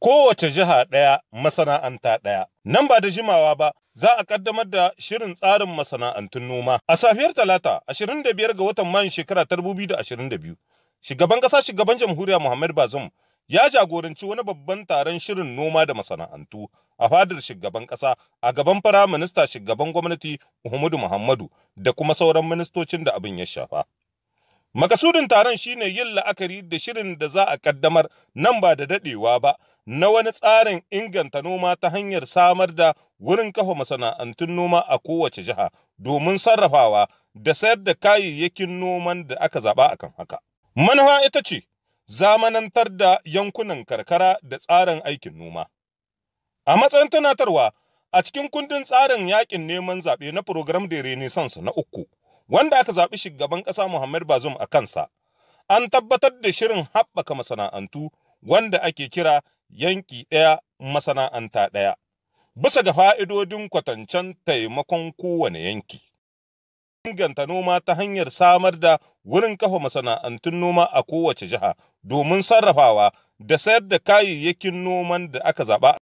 kowace jiha ɗaya masana'anta ɗaya. Nan ba da jimawa ba, za a ƙaddamar da shirin tsarin masana'antun noma. A safiyar Talata, 25 ga watan Mayun shekara ta 2022, shugaban ƙasa shugaban jamhuriya Muhammad bazum ya jagoranci wani babban taron shirin noma da masana'antu a fadar shugaban ƙasa a gaban firaminista shugaban gwamnati Muhammadu Muhammadu da kuma sauran ministocin da abin ya shafa. Makasudin taron shine yin la'akari da shirin da za a kaddamar nan ba da dadewa ba na wani tsarin inganta noma ta hanyar samar da wurin kafa masana'antun noma a kowace jiha domin sarrafawa da sayar da kayayyakin noman da aka zaba kan haka. Manufa ita ce zamanantar da yankunan karkara da tsarin aikin noma. A matsayin tunatarwa, a cikin kundin tsarin yaƙin neman zaɓe na program da na uku, wanda aka zaɓi shugaban ƙasa Muhammad Bazoum a kansa. An tabbatar da shirin haɓaka masana'antu wanda ake kira yanki ɗaya masana'anta ɗaya, bisa ga fa'idodin kwatancen taimakon kowane yanki. Inganta noma ta hanyar samar da wurin kafa masana'antun noma a kowace jiha domin sarrafawa da sayar da kayayyakin noman da aka zaɓa.